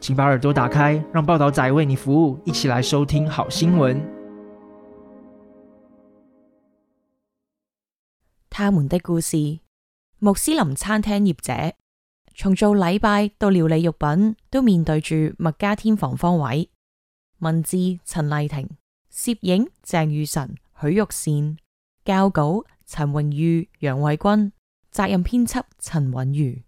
請把耳朵打開，讓報導者為你服務，一起來收聽好新聞。他們的故事：穆斯林餐廳業者，從做禮拜到料理肉品，都面對住麥加天房方位。文字：陳麗婷，攝影：鄭裕晨、許玉善，校稿：陳榮裕、楊慧君，責任編輯：陳允如。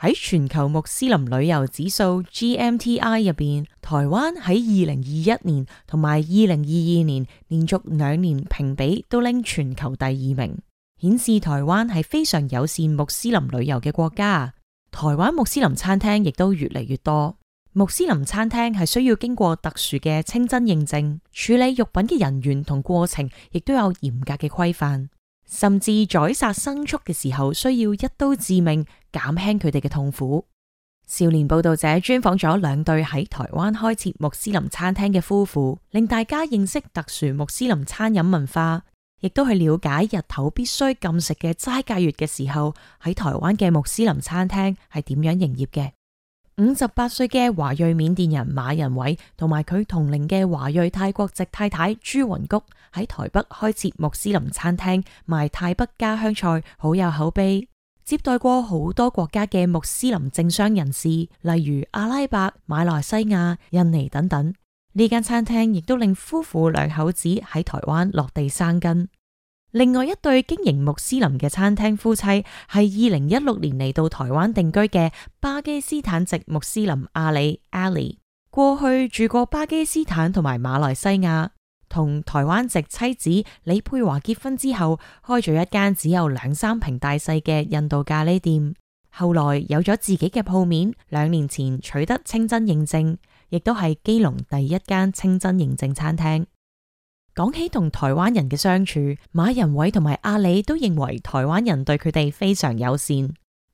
喺全球穆斯林旅遊指數 GMTI 入邊，台灣喺二零二一年同埋二零二二年連續兩年評比都拎全球第二名，顯示台灣係非常友善穆斯林旅遊嘅國家。台灣穆斯林餐廳亦都越嚟越多，穆斯林餐廳係需要經過特殊嘅清真認證，處理肉品嘅人員同過程亦都有嚴格嘅規範。甚至宰殺牲畜嘅時候，需要一刀致命，減輕佢哋嘅痛苦。少年報導者專訪咗兩對喺台灣開設穆斯林餐廳嘅夫婦，令大家認識特殊穆斯林餐飲文化，亦都去了解日頭必須禁食嘅齋戒月嘅時候，喺台灣嘅穆斯林餐廳係點樣營業嘅。五十八歲嘅華裔緬甸人馬仁偉同埋佢同齡嘅華裔泰國籍太太朱雲菊喺台北開設穆斯林餐廳賣泰北家鄉菜，好有口碑，接待過好多國家嘅穆斯林政商人士，例如阿拉伯、馬來西亞、印尼等等。呢間餐廳亦都令夫婦兩口子喺台灣落地生根。另外一對經營穆斯林嘅餐廳夫妻，係二零一六年嚟到台灣定居嘅巴基斯坦籍穆斯林阿里 Ali。過去住過巴基斯坦同埋馬來西亞，同台灣籍妻子李佩華結婚之後，開咗一間只有兩三坪大細嘅印度咖喱店。後來有咗自己嘅鋪面，兩年前取得清真認證，亦都係基隆第一間清真認證餐廳。講起同台灣人嘅相處，馬仁偉同埋阿里都認為台灣人對佢哋非常友善。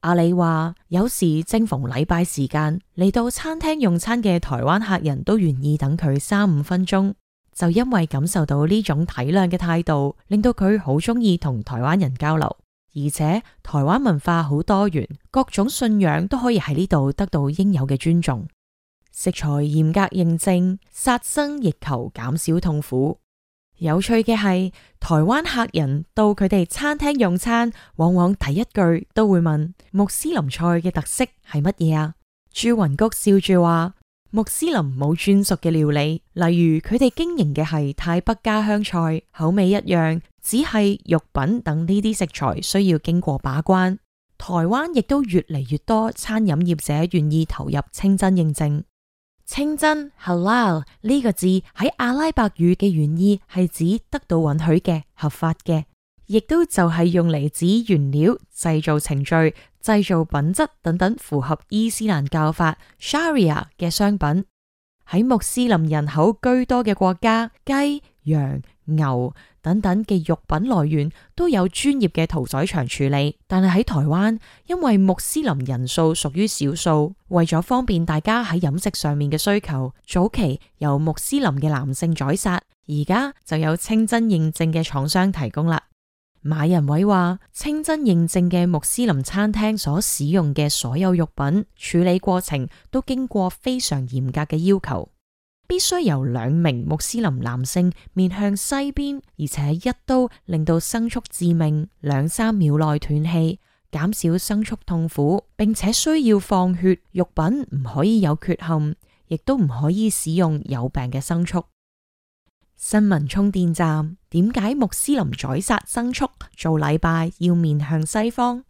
阿里話：有時正逢禮拜時間嚟到餐廳用餐嘅台灣客人都願意等佢三五分鐘，就因為感受到呢種體諒嘅態度，令到佢好鍾意同台灣人交流。而且台灣文化好多元，各種信仰都可以喺呢度得到應有嘅尊重。食材嚴格認證，殺生亦求減少痛苦。有趣嘅係，台灣客人到佢哋餐廳用餐，往往第一句都會問穆斯林菜嘅特色係乜嘢啊？朱云菊笑住話：穆斯林冇專屬嘅料理，例如佢哋經營嘅係泰北家鄉菜，口味一樣，只係肉品等呢啲食材需要經過把關。台灣亦都越嚟越多餐飲業者願意投入清真認證。清真 Halal 呢個字喺阿拉伯語嘅原意係指得到允許嘅合法嘅，亦都就係用嚟指原料、製造程序、製造品質等等符合伊斯蘭教法 Sharia 嘅商品。喺穆斯林人口居多嘅國家，雞。羊、牛等等嘅肉品來源都有專業嘅屠宰場處理，但係喺台灣，因為穆斯林人數屬於少數，為咗方便大家喺飲食上面嘅需求，早期由穆斯林嘅男性宰殺，而家就有清真認證嘅廠商提供啦。馬仁偉話，清真認證嘅穆斯林餐廳所使用嘅所有肉品處理過程都經過非常嚴格嘅要求。必須由兩名穆斯林男性面向西邊，而且一刀令到牲畜致命，兩三秒內斷氣，減少牲畜痛苦，並且需要放血，肉品唔可以有缺陷，亦都唔可以使用有病嘅牲畜。新聞充電站，點解穆斯林宰殺牲畜做禮拜要面向西方？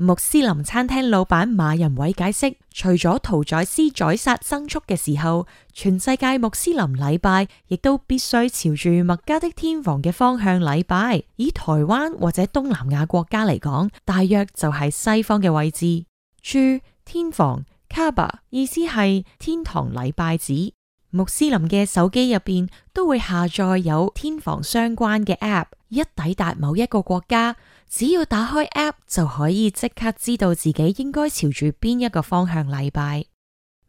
穆斯林餐廳老闆馬仁偉解釋，除咗屠宰師宰殺牲畜嘅時候，全世界穆斯林禮拜亦都必須朝住麥加的天房嘅方向禮拜。以台灣或者東南亞國家嚟講，大約就係西方嘅位置。注：天房 （Kaaba） 意思係天堂禮拜寺，穆斯林嘅手機入邊都會下載有天房相關嘅 App。一抵達某一個國家，只要打開 App 就可以即刻知道自己應該朝住邊一個方向禮拜。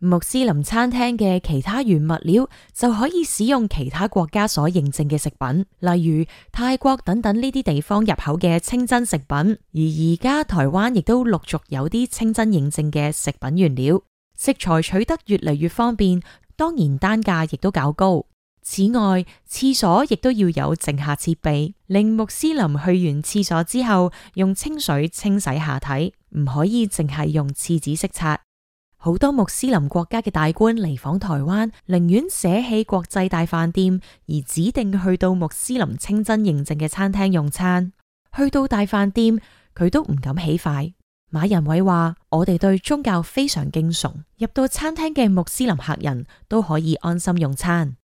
穆斯林餐廳嘅其他原物料就可以使用其他國家所認證嘅食品，例如泰國等等呢啲地方入口嘅清真食品。而而家台灣亦都陸續有啲清真認證嘅食品原料，食材取得越嚟越方便，當然單價亦都較高。此外，廁所亦都要有淨下設備，令穆斯林去完廁所之後用清水清洗下體，唔可以淨係用廁紙拭擦。好多穆斯林國家嘅大官嚟訪台灣，寧願捨棄國際大飯店，而指定去到穆斯林清真認證嘅餐廳用餐。去到大飯店，佢都唔敢起筷。馬仁偉話：我哋對宗教非常敬崇，入到餐廳嘅穆斯林客人都可以安心用餐。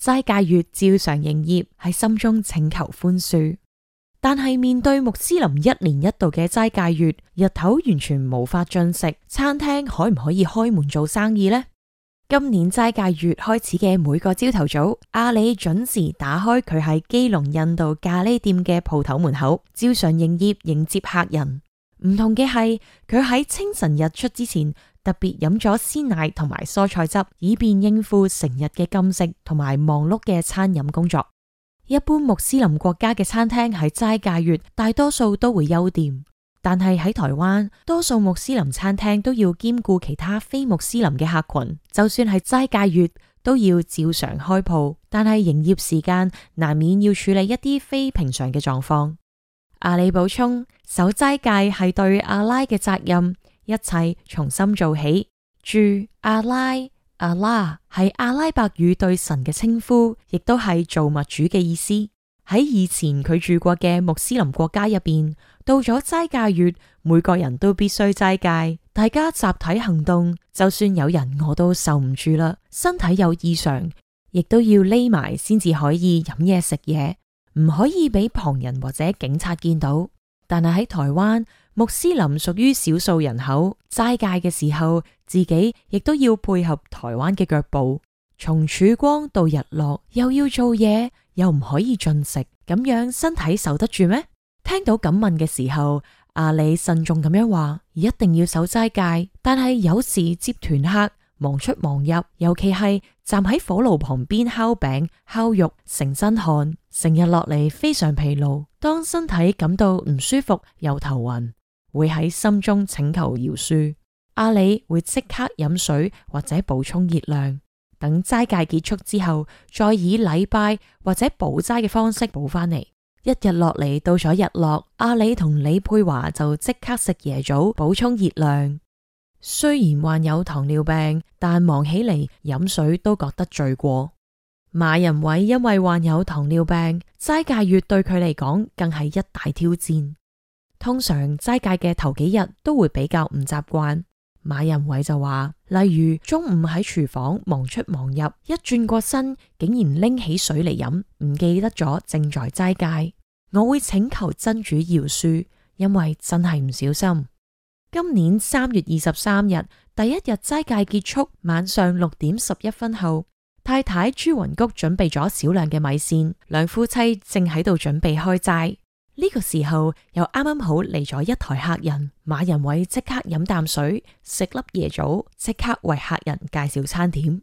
齋戒月照常營業，喺心中請求寬恕。但係面對穆斯林一年一度嘅齋戒月，日頭完全無法進食，餐廳可唔可以開門做生意呢？今年齋戒月開始嘅每個朝頭早，阿里準時打開佢喺基隆印度咖喱店嘅鋪頭門口，照常營業，迎接客人。唔同嘅係佢喺清晨日出之前。特別飲咗鮮奶同埋蔬菜汁，以便應付成日嘅禁食同埋忙碌嘅餐飲工作。一般穆斯林國家嘅餐廳喺齋戒月，大多數都會休店。但係喺台灣，多數穆斯林餐廳都要兼顧其他非穆斯林嘅客群，就算係齋戒月，都要照常開鋪。但係營業時間難免要處理一啲非平常嘅狀況。阿里補充：守齋戒係對阿拉嘅責任。一切重新做起。住阿拉，阿拉係阿拉伯語對神嘅稱呼，亦都係造物主嘅意思。喺以前佢住過嘅穆斯林國家入邊，到咗齋戒月，每個人都必須齋戒，大家集體行動。就算有人我都受唔住啦，身體有異常，亦都要匿埋先至可以飲嘢食嘢，唔可以俾旁人或者警察見到。但係喺台灣。穆斯林屬於少數人口齋戒嘅時候，自己亦都要配合台灣嘅腳步，從曙光到日落，又要做嘢，又唔可以進食，咁樣身體受得住咩？聽到咁問嘅時候，阿、啊、里慎重咁樣話，一定要守齋戒，但係有時接團客，忙出忙入，尤其係站喺火爐旁邊烤餅、烤餅、烤肉，成身汗，成日落嚟非常疲勞，當身體感到唔舒服又頭暈。會喺心中請求饒恕。阿里會即刻飲水或者補充熱量，等齋戒結束之後，再以禮拜或者補齋嘅方式補返嚟。一日落嚟，到咗日落，阿里同李佩華就即刻食椰棗補充熱量。雖然患有糖尿病，但忙起嚟飲水都覺得罪過。馬仁偉因為患有糖尿病，齋戒月對佢嚟講更係一大挑戰。通常齋戒嘅頭幾日都會比較唔習慣，馬仁偉就話，例如中午喺廚房忙出忙入，一轉過身竟然拎起水嚟飲，唔記得咗正在齋戒。我會請求真主饒恕，因為真係唔小心。今年三月二十三日第一日齋戒結束，晚上六點十一分後，太太朱雲菊準備咗少量嘅米線，兩夫妻正喺度準備開齋。呢個時候又啱啱好嚟咗一台客人，馬仁偉即刻飲啖水，食粒椰棗，即刻為客人介紹餐點。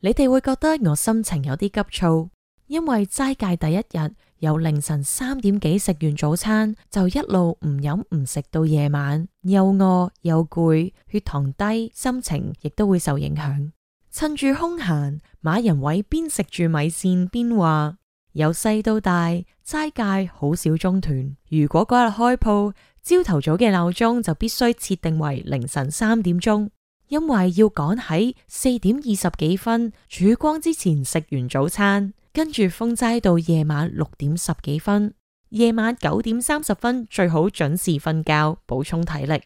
你哋會覺得我心情有啲急躁，因為齋戒第一日由凌晨三點幾食完早餐，就一路唔飲唔食到夜晚，又餓又攰，血糖低，心情亦都會受影響。趁住空閒，馬仁偉邊食住米線邊話：由細到大。齋戒好少中斷，如果嗰日開鋪，朝頭早嘅鬧鐘就必須設定為凌晨三點鐘，因為要趕喺四點二十幾分曙光之前食完早餐，跟住封齋到夜晚六點十幾分，夜晚九點三十分最好準時瞓覺，補充體力。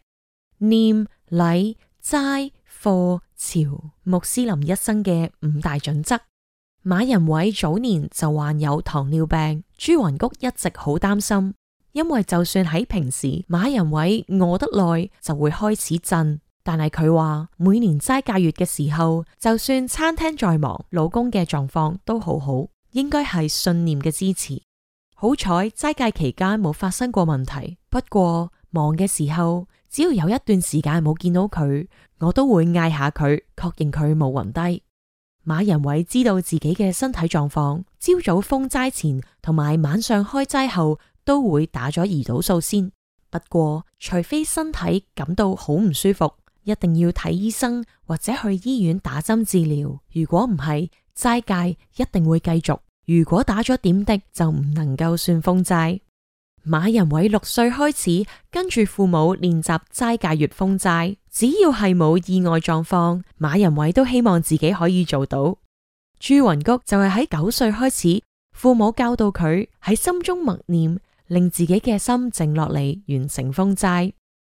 念禮齋課朝穆斯林一生嘅五大準則。馬仁偉早年就患有糖尿病，朱雲菊一直好擔心，因為就算喺平時，馬仁偉餓得耐就會開始震。但係佢話每年齋戒月嘅時候，就算餐廳再忙，老公嘅狀況都好好，應該係信念嘅支持。好彩齋戒期間冇發生過問題。不過忙嘅時候，只要有一段時間係冇見到佢，我都會嗌下佢，確認佢冇暈低。馬仁偉知道自己嘅身體狀況，朝早封齋前同埋晚上開齋後都會打咗胰島素先。不過，除非身體感到好唔舒服，一定要睇醫生或者去醫院打針治療。如果唔係，齋戒一定會繼續。如果打咗點滴，就唔能夠算封齋。馬仁偉六歲開始跟住父母練習齋戒月封齋，只要係冇意外狀況，馬仁偉都希望自己可以做到。朱雲谷就係喺九歲開始，父母教導佢喺心中默念，令自己嘅心靜落嚟，完成封齋。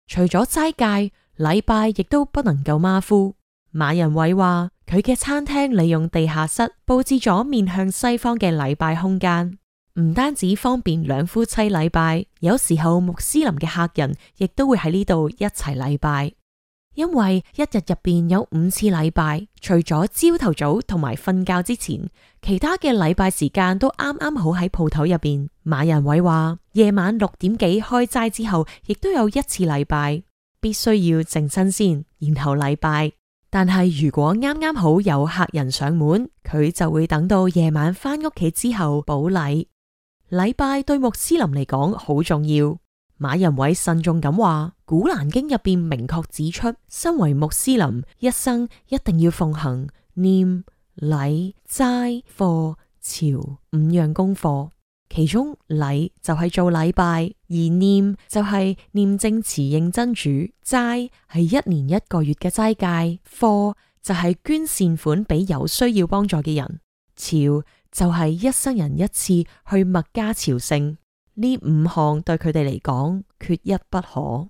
除咗齋戒，禮拜亦都不能夠馬虎。馬仁偉話佢嘅餐廳利用地下室布置咗面向西方嘅禮拜空間。唔單止方便兩夫妻禮拜，有時候穆斯林嘅客人亦都會喺呢度一齊禮拜，因為一日入邊有五次禮拜，除咗朝頭早同埋瞓覺之前，其他嘅禮拜時間都啱啱好喺鋪頭入邊。馬仁偉話：夜晚六點幾開齋之後，亦都有一次禮拜，必須要淨身先，然後禮拜。但係如果啱啱好有客人上門，佢就會等到夜晚返屋企之後補禮。禮拜對穆斯林嚟講好重要，馬仁偉慎重咁話，古蘭經入邊明確指出，身為穆斯林，一生一定要奉行念禮齋課朝五樣功課，其中禮就係做禮拜，而念就係念證詞認真主，齋係一年一個月嘅齋戒，課就係捐善款俾有需要幫助嘅人，朝就係一生人一次去麥加朝聖，呢五項對佢哋嚟講，缺一不可。